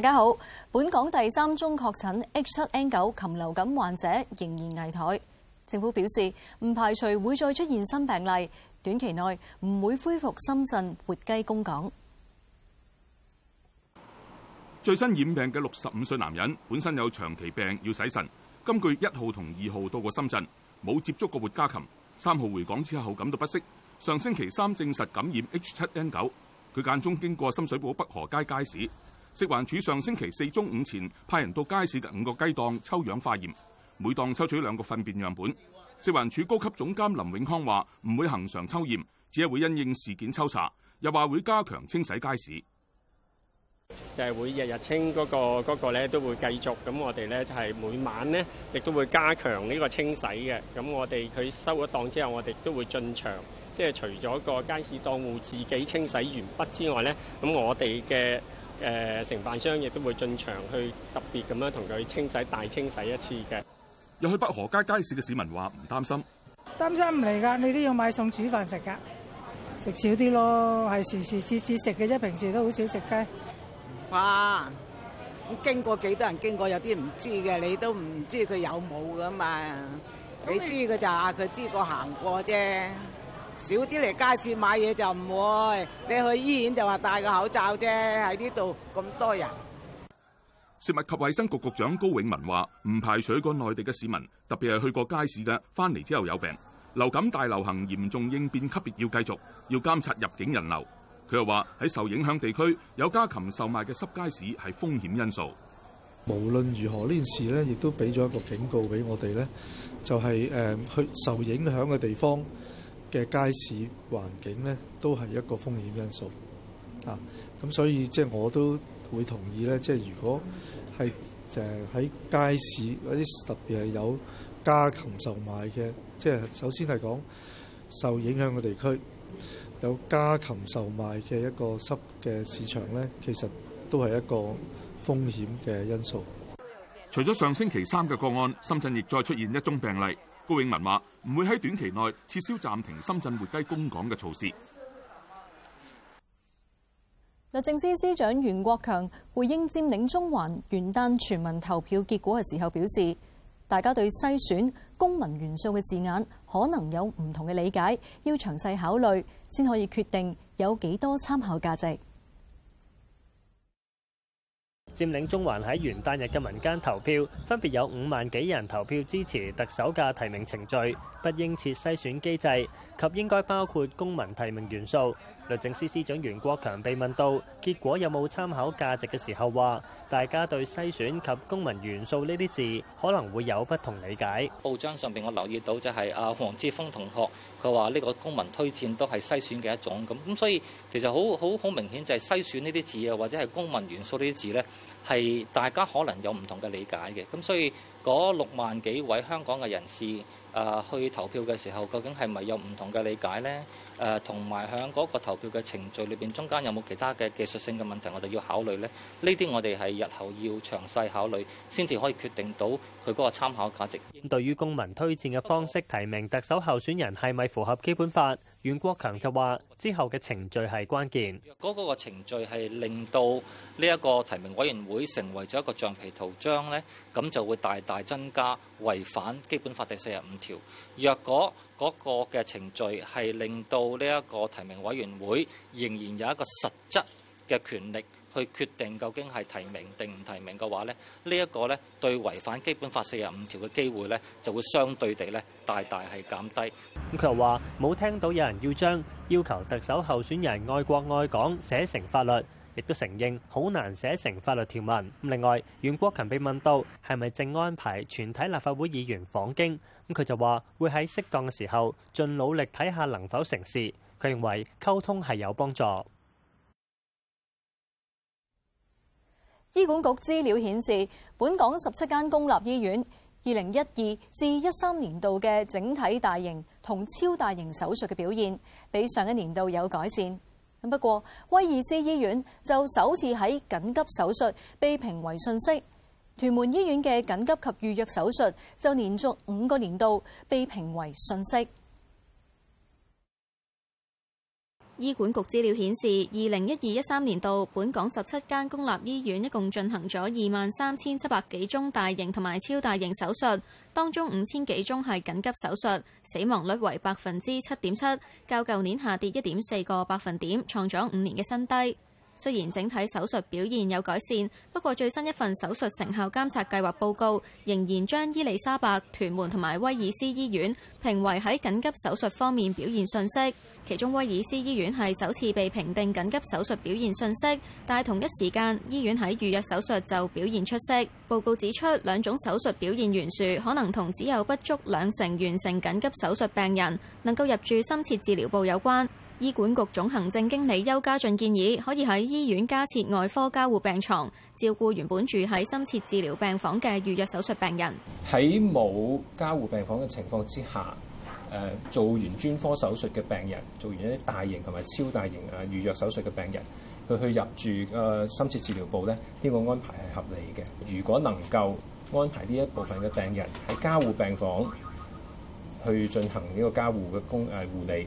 大家好，本港第三宗確診 H 七 N 九禽流感患者仍然危殆。政府表示唔排除會再出現新病例，短期內唔會恢復深圳活雞供港。最新染病嘅六十五歲男人，本身有長期病要洗腎，今個月一號同二號到過深圳，冇接觸過活家禽，三號回港之後感到不適，上星期三證實感染 H 七 N 九，佢間中經過深水埗北河街街市。食環署上星期四中午前派人到街市嘅五個雞檔抽樣化驗，每檔抽取兩個糞便樣本。食環署高級總監林永康話唔會恆常抽驗，只係會因應事件抽查，又話會加強清洗街市。就係會日日清嗰個嗰個咧，都會繼續咁。咁我哋咧就係每晚咧，亦都會加強呢個清洗嘅。咁我哋佢收咗檔之後，我哋都會進場，即係除咗個街市檔戶自己清洗完畢之外咧，咁我哋嘅。誒、呃，承辦商亦都會進場去特別咁樣同佢清洗、大清洗一次嘅。又去北河街街市嘅市民話唔擔心，擔心唔嚟㗎，你都要買餸煮飯食㗎，食少啲咯，係時時節節食嘅啫，平時都好少食雞。哇！咁經過幾多人經過，有啲唔知嘅，你都唔知佢有冇㗎嘛？你知佢就係、啊、佢知過行過啫。少啲嚟街市買嘢就唔會，你去醫院就話戴個口罩啫。喺呢度咁多人，食物及衛生局局長高永文話唔排除個內地嘅市民，特別係去過街市嘅，翻嚟之後有病。流感大流行嚴重應變級別要繼續要監察入境人流。佢又話喺受影響地區有家禽售售賣嘅濕街市係風險因素。無論如何，呢件事咧亦都俾咗一個警告俾我哋咧，就係誒去受影響嘅地方。嘅街市環境咧，都係一個風險因素啊！咁所以即係我都會同意咧，即係如果係誒喺街市嗰啲特別係有家禽售賣嘅，即係首先係講受影響嘅地區有家禽售賣嘅一個濕嘅市場咧,其實都係一個風險嘅因素。除咗上星期三嘅個案，深圳亦再出現一宗病例。高永文話。唔會喺短期內撤銷暫停深圳活雞供港嘅措施。律政司司長袁國強回應佔領中環元旦全民投票結果嘅時候表示，大家對篩選公民元素嘅字眼可能有唔同嘅理解，要詳細考慮先可以決定有幾多參考價值。佔領中環喺元旦日嘅民間投票，分別有五萬幾人投票支持特首嘅提名程序，不應設篩選機制，及應該包括公民提名元素。律政司司長袁國強被問到結果有冇參考價值嘅時候，話大家對篩選及公民元素呢啲字可能會有不同理解。報章上面我留意到就係阿黃之峰同學，佢話呢個公民推薦都係篩選嘅一種咁，咁所以其實好好好明顯就係篩選呢啲字啊，或者係公民元素呢啲字呢。係大家可能有唔同嘅理解嘅，咁所以嗰六萬幾位香港嘅人士誒、呃、去投票嘅時候，究竟係咪有唔同嘅理解咧？誒，同埋響嗰個投票嘅程序裏邊中間有冇其他嘅技術性嘅問題，我哋要考慮咧。呢啲我哋係日後要詳細考慮先至可以決定到佢嗰個參考價值。對於公民推薦嘅方式提名特首候選人係咪符合基本法？袁國強就話之後嘅程序係關鍵，若果嗰個程序係令到呢一個提名委員會成為咗一個橡皮圖章咧，咁就會大大增加違反基本法第四十五條若果嗰個嘅程序係令到呢一個提名委員會仍然有一個實質嘅權力去決定究竟係提名定唔提名嘅話呢，呢一個呢對違反基本法四十五條嘅機會呢就會相對地呢大大係減低。咁佢又話冇聽到有人要將要求特首候選人愛國愛港寫成法律。亦都承認好難寫成法律條文。另外，袁國強被問到係咪正安排全體立法會議員訪京，咁佢就話會喺適當嘅時候盡努力睇下能否成事。佢認為溝通係有幫助。醫管局資料顯示，本港十七間公立醫院，二零一二至一三年度嘅整體大型同超大型手術嘅表現，比上一年度有改善。不過，威爾斯醫院就首次喺緊急手術被評為遜色；屯門醫院嘅緊急及預約手術就連續五個年度被評為遜色。醫管局資料顯示，二零一二一三年度，本港十七間公立醫院一共進行咗二萬三千七百幾宗大型同埋超大型手術，當中五千幾宗係緊急手術，死亡率為百分之七點七，較舊年下跌一點四個百分點，創咗五年嘅新低。雖然整體手術表現有改善，不過最新一份手術成效監察計劃報告仍然將伊麗莎白、屯門同埋威爾斯醫院評為喺緊急手術方面表現遜色。其中威爾斯醫院係首次被評定緊急手術表現遜色，但係同一時間醫院喺預約手術就表現出色。報告指出兩種手術表現懸殊，可能同只有不足兩成完成緊急手術病人能夠入住深切治療部有關。醫管局總行政經理邱家俊建議，可以喺醫院加設外科加護病牀，照顧原本住喺深切治療病房嘅預約手術病人。喺冇加護病房嘅情況之下，做完專科手術嘅病人，做完一啲大型同埋超大型誒預約手術嘅病人，佢去入住誒深切治療部呢，呢個安排係合理嘅。如果能夠安排呢一部分嘅病人喺加護病房去進行呢個加護嘅工誒護理。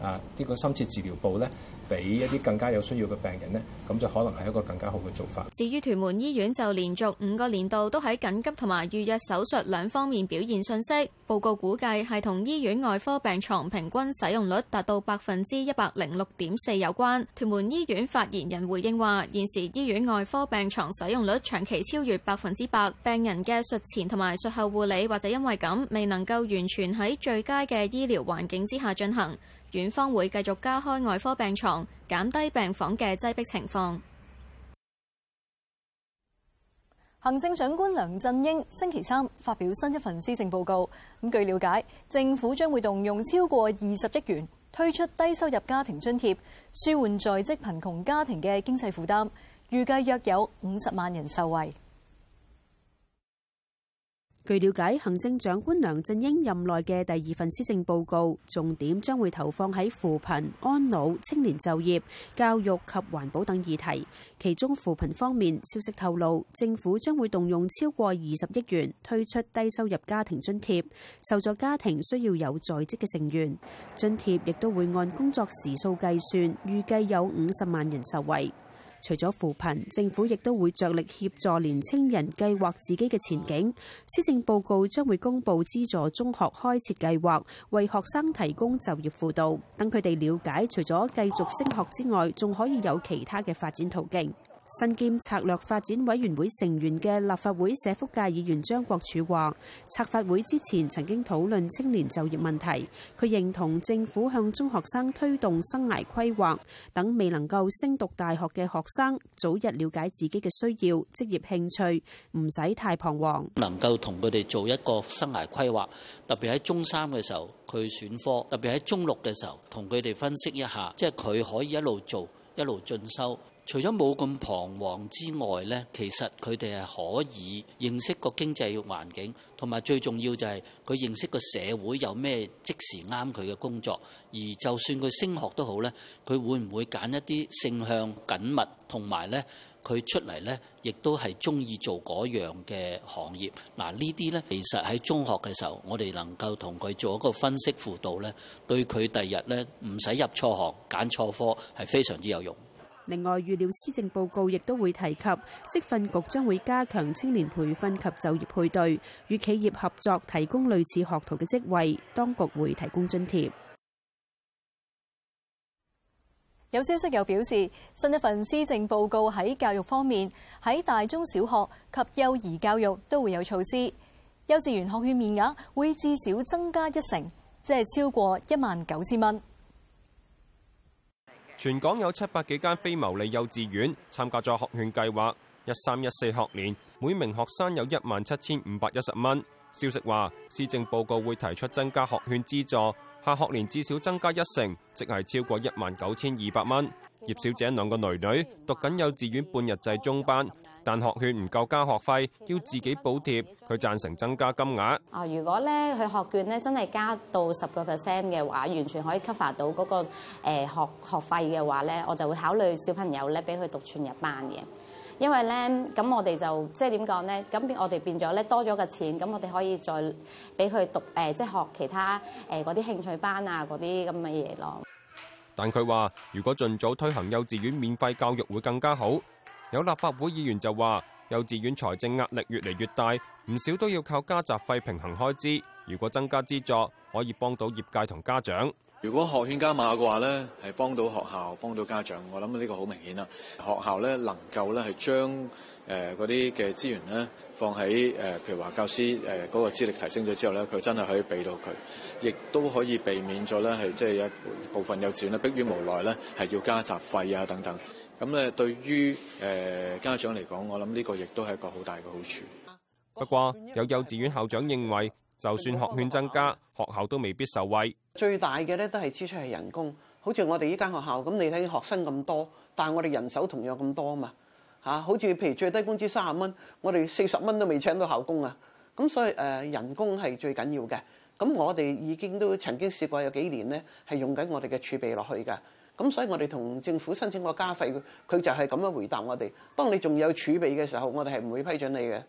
啊！呢個深切治療部咧，俾一啲更加有需要嘅病人呢，咁就可能係一個更加好嘅做法。至於屯門醫院就連續五個年度都喺緊急同埋預約手術兩方面表現遜色。報告估計係同醫院外科病床平均使用率達到百分之一百零六點四有關。屯門醫院發言人回應話：現時醫院外科病床使用率長期超越百分之百，病人嘅術前同埋術後護理或者因為咁未能夠完全喺最佳嘅醫療環境之下進行。院方會繼續加開外科病床，減低病房嘅擠迫情況。行政長官梁振英星期三發表新一份施政報告。咁據了解，政府將會動用超過二十億元推出低收入家庭津貼，舒緩在職貧窮家庭嘅經濟負擔，預計約有五十萬人受惠。據了解，行政長官梁振英任內嘅第二份施政報告，重點將會投放喺扶貧、安老、青年就業、教育及環保等議題。其中扶貧方面，消息透露，政府將會動用超過二十億元推出低收入家庭津貼，受助家庭需要有在職嘅成員，津貼亦都會按工作時數計算，預計有五十萬人受惠。除咗扶貧，政府亦都會着力協助年青人計劃自己嘅前景。施政報告將會公布資助中學開設計劃，為學生提供就業輔導，等佢哋了解，除咗繼續升學之外，仲可以有其他嘅發展途徑。身兼策略發展委員會成員嘅立法會社福界議員張國柱話，策發會之前曾經討論青年就業問題，佢認同政府向中學生推動生涯規劃，等未能夠升讀大學嘅學生早日了解自己嘅需要、職業興趣，唔使太彷徨。能夠同佢哋做一個生涯規劃，特別喺中三嘅時候佢選科，特別喺中六嘅時候同佢哋分析一下，即係佢可以一路做一路進修。除咗冇咁彷徨之外咧，其實佢哋係可以認識個經濟環境，同埋最重要就係佢認識個社會有咩即時啱佢嘅工作。而就算佢升學都好咧，佢會唔會揀一啲性向緊密，同埋咧佢出嚟咧亦都係中意做嗰樣嘅行業嗱？啊、呢啲咧其實喺中學嘅時候，我哋能夠同佢做一個分析輔導咧，對佢第日咧唔使入錯行、揀錯科係非常之有用。另外，預料施政報告亦都會提及，職訓局將會加強青年培訓及就業配對，與企業合作提供類似學徒嘅職位，當局會提供津貼。有消息又表示，新一份施政報告喺教育方面，喺大中小學及幼兒教育都會有措施，幼稚園學券面額會至少增加一成，即係超過一萬九千蚊。全港有七百幾間非牟利幼稚園參加咗學券計劃，一三一四學年每名學生有一萬七千五百一十蚊。消息話，施政報告會提出增加學券資助，下學年至少增加一成，即係超過一萬九千二百蚊。葉小姐兩個女女讀緊幼稚園半日制中班。但學券唔夠加學費，要自己補貼，佢贊成增加金額。啊，如果咧佢學券咧真係加到十個 percent 嘅話，完全可以 cover 到嗰個誒學學費嘅話咧，我就會考慮小朋友咧俾佢讀全日班嘅。因為咧咁我哋就即係點講咧咁，我哋變咗咧多咗個錢，咁我哋可以再俾佢讀誒即係學其他誒嗰啲興趣班啊嗰啲咁嘅嘢咯。但佢話：如果盡早推行幼稚園免費教育會更加好。有立法會議員就話：幼稚園財政壓力越嚟越大，唔少都要靠加雜費平衡開支。如果增加資助，可以幫到業界同家長。如果學券加碼嘅話咧，係幫到學校、幫到家長。我諗呢個好明顯啦。學校咧能夠咧係將誒嗰啲嘅資源咧放喺誒譬如話教師誒嗰個資歷提升咗之後咧，佢真係可以俾到佢，亦都可以避免咗咧係即係一部分幼稚園咧逼於無奈咧係要加雜費啊等等。咁咧，對於誒家長嚟講，我諗呢個亦都係一個好大嘅好處。不過，有幼稚園校長認為，就算學券增加，那個學，學校都未必受惠。最大嘅咧都係支出係人工，好似我哋依間學校咁，你睇學生咁多，但係我哋人手同樣咁多啊嘛嚇，好似譬如最低工資三十蚊，我哋四十蚊都未請到校工啊。咁所以、呃、人工係最緊要嘅。咁我哋已經都曾經試過有幾年咧，係用緊我哋嘅儲備落去㗎。咁所以我哋同政府申請個加費，佢就係咁樣回答我哋。當你仲有儲備嘅時候，我哋係唔會批准你嘅。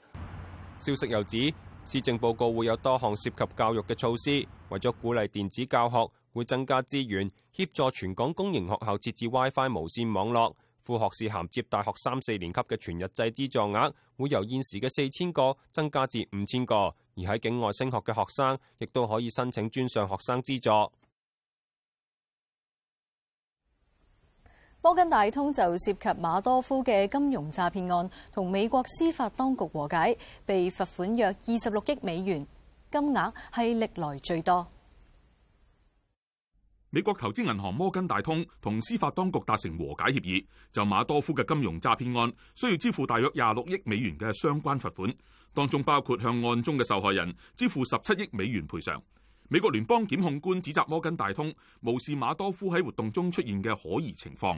消息又指，施政報告會有多項涉及教育嘅措施，為咗鼓勵電子教學，會增加資源協助全港公營學校設置 WiFi 無線網絡。副學士銜接大學三四年級嘅全日制資助額，會由現時嘅四千個增加至五千個。而喺境外升學嘅學生，亦都可以申請專上學生資助。摩根大通就涉及馬多夫嘅金融詐騙案，同美國司法當局和解，被罰款約二十六億美元，金額係歷來最多。美國投資銀行摩根大通同司法當局達成和解協議，就馬多夫嘅金融詐騙案，需要支付大約廿六億美元嘅相關罰款，當中包括向案中嘅受害人支付十七億美元賠償。美國聯邦檢控官指責摩根大通無視馬多夫喺活動中出現嘅可疑情況。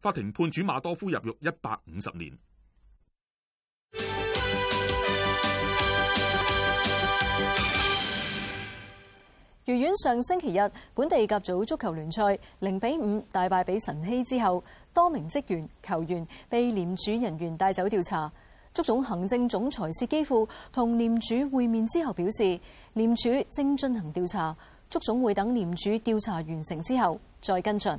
法庭判處馬多夫入獄一百五十年。愉園上星期日，本地甲組足球聯賽零比五大敗俾晨曦之後，多名職員、球員被廉署人員帶走調查。足總行政總裁薛基輔同廉署會面之後表示，廉署正進行調查，足總會等廉署調查完成之後再跟進。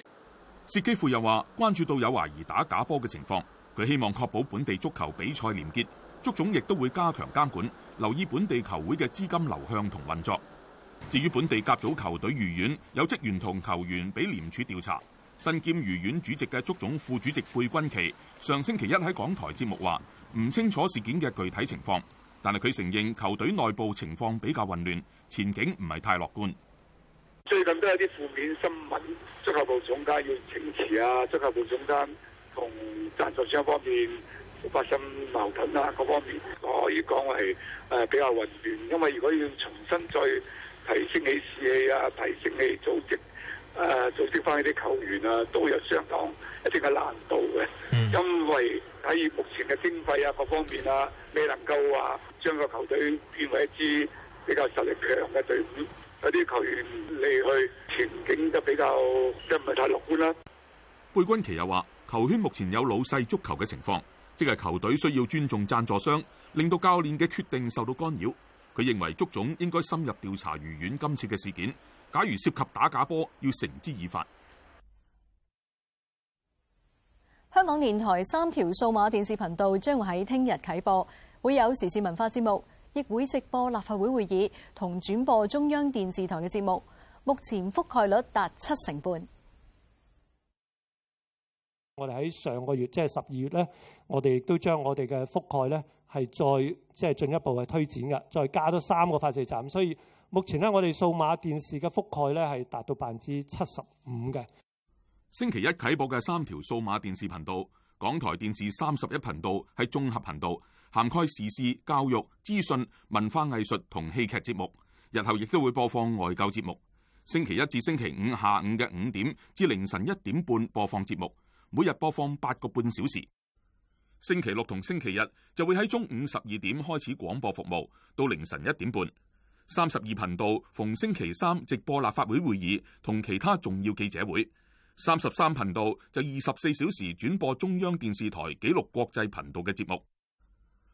薛基富又話：關注到有懷疑打假波嘅情況，佢希望確保本地足球比賽廉潔。足總亦都會加強監管，留意本地球會嘅資金流向同運作。至於本地甲組球隊愉園，有職員同球員被廉署調查，身兼愉園主席嘅足總副主席貝鈞奇上星期一喺港台節目話：唔清楚事件嘅具體情況，但係佢承認球隊內部情況比較混亂，前景唔係太樂觀。最近都有啲負面新聞，足球部總監要請辭啊，足球部總監同讚助商方面發生矛盾啊，各方面可以講係誒比較混亂。因為如果要重新再提升起士氣啊，提升起組織誒、呃、組織翻呢啲球員啊，都有相當一定嘅難度嘅。因為喺目前嘅經費啊，各方面啊，未能夠話將個球隊變為一支比較實力強嘅隊伍。有啲球員離去，前景就比較即係唔係太樂觀啦。貝鈞奇又話：球圈目前有老細足球嘅情況，即係球隊需要尊重贊助商，令到教練嘅決定受到干擾。佢認為足總應該深入調查愉園今次嘅事件，假如涉及打假波，要繩之以法。香港電台三條數碼電視頻道將會喺聽日啟播，會有時事文化節目。亦會直播立法會會議同轉播中央電視台嘅節目，目前覆蓋率達七成半。我哋喺上個月，即係十二月咧，我哋亦都將我哋嘅覆蓋咧係再即係進一步嘅推展㗎，再加多三個發射站，所以目前咧我哋數碼電視嘅覆蓋咧係達到百分之七十五嘅。星期一啟播嘅三條數碼電視頻道。港台電視三十一頻道係綜合頻道，涵蓋時事、教育、資訊、文化藝術同戲劇節目。日後亦都會播放外購節目。星期一至星期五下午嘅五點至凌晨一點半播放節目，每日播放八個半小時。星期六同星期日就會喺中午十二點開始廣播服務，到凌晨一點半。三十二頻道逢星期三直播立法會會議同其他重要記者會。三十三頻道就二十四小時轉播中央電視台紀錄國際頻道嘅節目。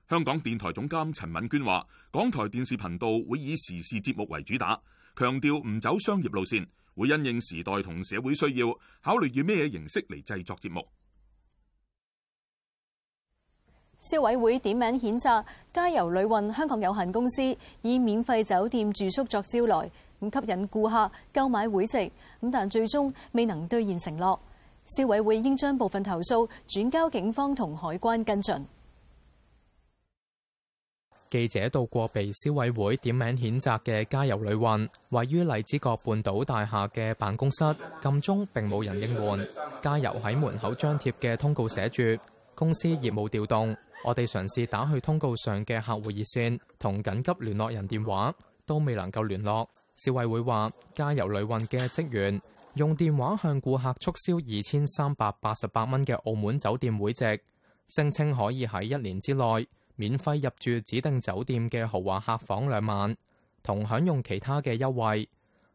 香港電台總監陳敏娟話，港台電視頻道會以時事節目為主打，強調唔走商業路線，會因應時代同社會需要，考慮以咩形式嚟製作節目。消委會點名譴責佳遊旅運香港有限公司以免費酒店住宿作招來。唔吸引顧客購買會籍，咁但最終未能兌現承諾。消委會已經將部分投訴轉交警方同海關跟進。記者到過被消委會點名譴責嘅加油旅運佳遊旅運，位於荔枝角半島大廈嘅辦公室，咁中並冇人應門。佳遊喺門口張貼嘅通告寫住公司業務調動，我哋嘗試打去通告上嘅客戶熱線同緊急聯絡人電話，都未能夠聯絡。消委會話，佳遊旅運嘅職員用電話向顧客促銷二千三百八十八蚊嘅澳門酒店會籍，聲稱可以喺一年之內免費入住指定酒店嘅豪華客房兩晚，同享用其他嘅優惠。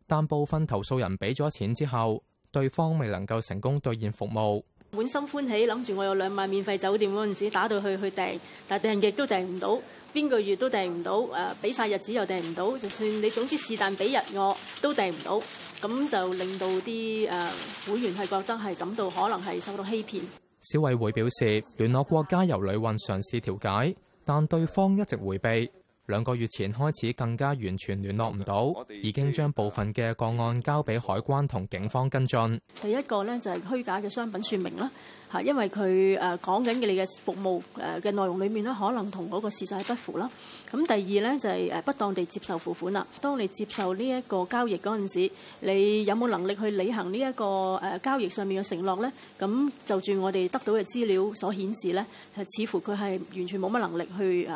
但部分投訴人俾咗錢之後，對方未能夠成功兌現服務。滿心歡喜諗住我有兩晚免費酒店嗰陣時，打到去去訂，但訂亦都訂唔到。邊個月都訂唔到，誒俾晒日子又訂唔到，就算你總之是但俾日我都訂唔到，咁就令到啲誒會員係覺得係感到可能係受到欺騙。消委會表示聯絡過佳遊旅運嘗試調解，但對方一直迴避。兩個月前開始更加完全聯絡唔到，已經將部分嘅個案交俾海關同警方跟進。第一個呢，就係、是、虛假嘅商品説明啦。因為佢誒講緊嘅你嘅服務誒嘅內容裏面咧，可能同嗰個事實係不符啦。咁第二呢，就係誒不當地接受付款啦。當你接受呢一個交易嗰陣時，你有冇能力去履行呢一個誒交易上面嘅承諾呢？咁就住我哋得到嘅資料所顯示呢，係似乎佢係完全冇乜能力去誒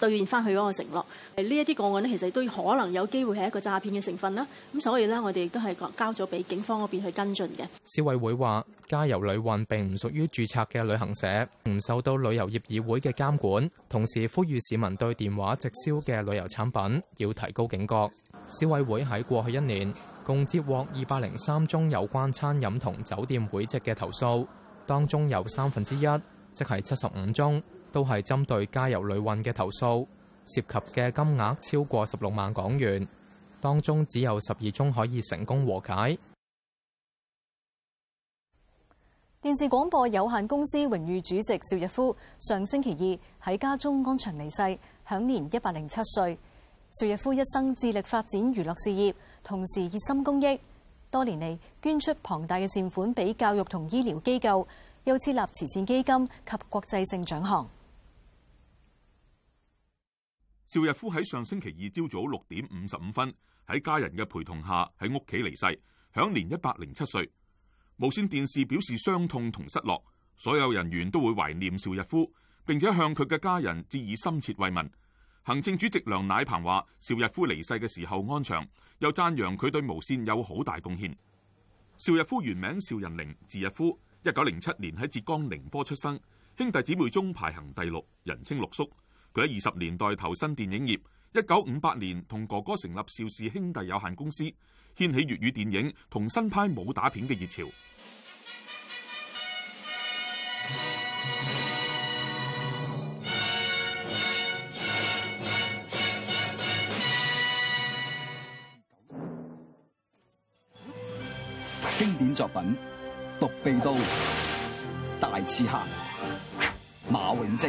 兌現翻佢嗰個承諾。呢一啲個案呢，其實都可能有機會係一個詐騙嘅成分啦。咁所以呢，我哋都係交咗俾警方嗰邊去跟進嘅。消委會話：加油旅運並唔屬於註冊嘅旅行社，唔受到旅遊業議會嘅監管。同時呼籲市民對電話直銷嘅旅遊產品要提高警覺。消委會喺過去一年共接獲二百零三宗有關餐飲同酒店會籍嘅投訴，當中有三分之一，即係七十五宗，都係針對佳遊旅運嘅投訴，涉及嘅金額超過十六萬港元，當中只有十二宗可以成功和解。電視廣播有限公司榮譽主席邵逸夫上星期二喺家中安詳離世，享年一百零七歲。邵逸夫一生致力發展娛樂事業，同時熱心公益，多年嚟捐出龐大嘅善款俾教育同醫療機構，又設立慈善基金及國際性獎項。邵逸夫喺上星期二朝早六點五十五分喺家人嘅陪同下喺屋企離世，享年一百零七歲。無綫電視表示傷痛同失落，所有人員都會懷念邵逸夫，並且向佢嘅家人致以深切慰問。行政主席梁乃鵬話：邵逸夫離世嘅時候安詳，又讚揚佢對無綫有好大貢獻。邵逸夫原名邵仁靈，字逸夫，一九零七年喺浙江寧波出生，兄弟姊妹中排行第六，人稱六叔。佢喺二十年代投身電影業。一九五八年，同哥哥成立邵氏兄弟有限公司，掀起粵語電影同新派武打片嘅熱潮。經典作品《獨臂刀》《大刺客》《馬永貞》。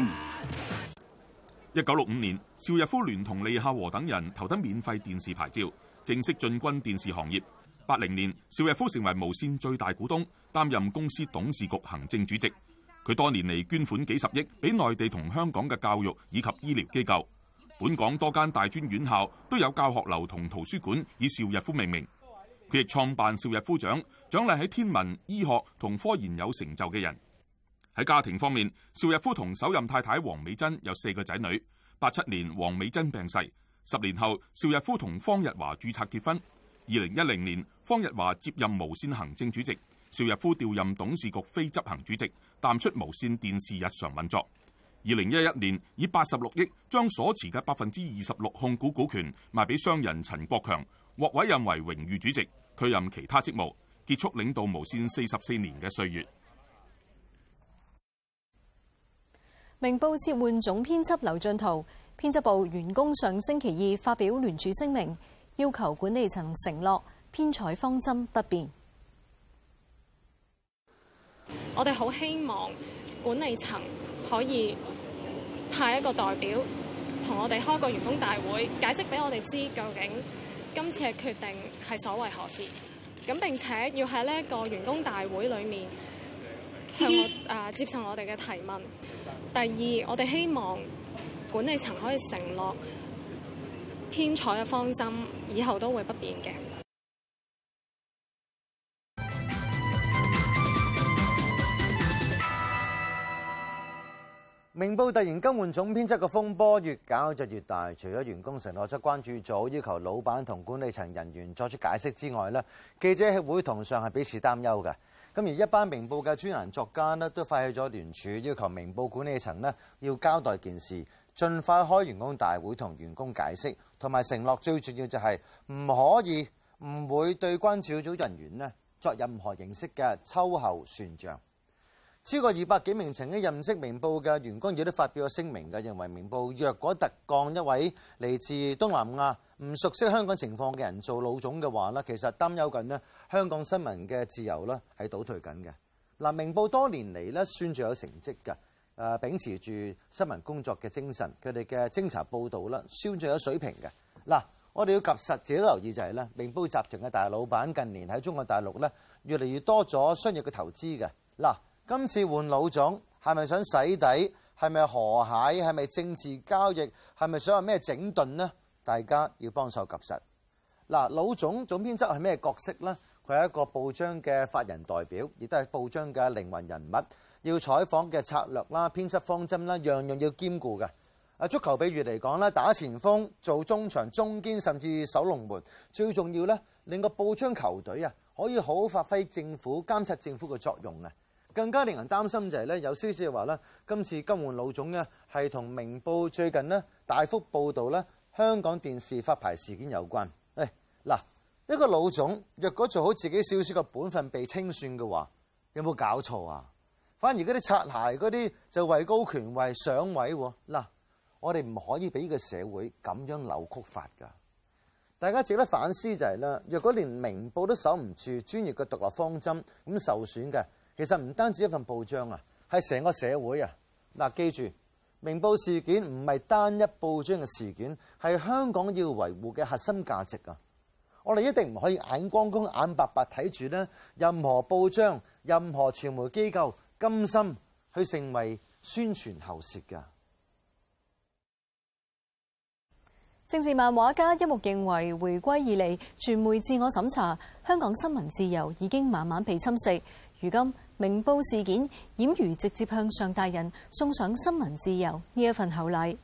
一九六五年，邵逸夫聯同利孝和等人投得免費電視牌照，正式進軍電視行業。八零年，邵逸夫成為無綫最大股東，擔任公司董事局行政主席。佢多年嚟捐款幾十億，俾內地同香港嘅教育以及醫療機構。本港多間大專院校都有教學樓同圖書館以邵逸夫命名。佢亦創辦邵逸夫獎，獎勵喺天文、醫學同科研有成就嘅人。喺家庭方面，邵逸夫同首任太太黃美珍有四個仔女。八七年黃美珍病逝，十年後邵逸夫同方逸華注冊結婚。二零一零年，方逸華接任無線行政主席，邵逸夫調任董事局非執行主席，淡出無線電視日常運作。二零一一年，以八十六億將所持嘅百分之二十六控股股權賣俾商人陳國強，獲委任為榮譽主席，退任其他職務，結束領導無線四十四年嘅歲月。明報撤換總編輯劉進圖。編輯部員工上星期二發表聯署聲明，要求管理層承諾編採方針不變。我哋好希望管理層可以派一個代表，同我哋開個員工大會，解釋俾我哋知究竟今次嘅決定係所為何事。咁並且要喺呢一個員工大會裏面。向我接受我哋嘅提問。第二，我哋希望管理層可以承諾編採嘅方針以後都會不變嘅。明報突然更換總編輯嘅風波越搞就越大，除咗員工承諾出關注組要求老闆同管理層人員作出解釋之外咧，記者協會同上係彼此擔憂嘅。咁而一班明報嘅專欄作家呢都發起咗聯署，要求明報管理層呢要交代件事，盡快開員工大會同員工解釋，同埋承諾，最重要就係唔可以，唔會對關照組人員呢作任何形式嘅秋後算賬。超過二百幾名曾經任職明報嘅員工亦都發表咗聲明嘅，認為明報若果特降一位嚟自東南亞唔熟悉香港情況嘅人做老總嘅話咧，其實擔憂緊咧香港新聞嘅自由咧係倒退緊嘅。嗱，明報多年嚟咧算係有成績嘅，誒秉持住新聞工作嘅精神，佢哋嘅偵查報導咧算係有水平嘅。嗱，我哋要及實，自己留意就係咧，明報集團嘅大老闆近年喺中國大陸咧越嚟越多咗商業嘅投資嘅嗱。今次換老總係咪想洗底？係咪河蟹？係咪政治交易？係咪想有咩整頓呢？大家要幫手及實嗱。老總總編輯係咩角色呢？佢係一個報章嘅法人代表，亦都係報章嘅靈魂人物。要採訪嘅策略啦、編輯方針啦，樣樣要兼顧嘅。啊，足球比喻嚟講咧，打前鋒、做中場、中堅，甚至守龍門，最重要呢，令個報章球隊啊可以好好發揮政府監察政府嘅作用啊！更加令人擔心就係咧，有消息話咧，今次更換老總呢係同明報最近呢大幅報導咧香港電視發牌事件有關。誒嗱，一個老總若果做好自己少少嘅本分，被清算嘅話，有冇搞錯啊？反而嗰啲擦鞋嗰啲就位高權位上位喎嗱，我哋唔可以俾個社會咁樣扭曲法㗎。大家值得反思就係啦，若果連明報都守唔住專業嘅獨立方針，咁受損嘅。其實唔單止一份報章啊，係成個社會啊。嗱，記住，明報事件唔係單一報章嘅事件，係香港要維護嘅核心價值啊！我哋一定唔可以眼光光眼白白睇住呢任何報章、任何傳媒機構甘心去成為宣傳喉舌噶。政治漫畫家一木認為，回歸以嚟傳媒自我審查，香港新聞自由已經慢慢被侵蝕，如今，明報事件，儼如直接向上大人送上新聞自由呢份厚禮。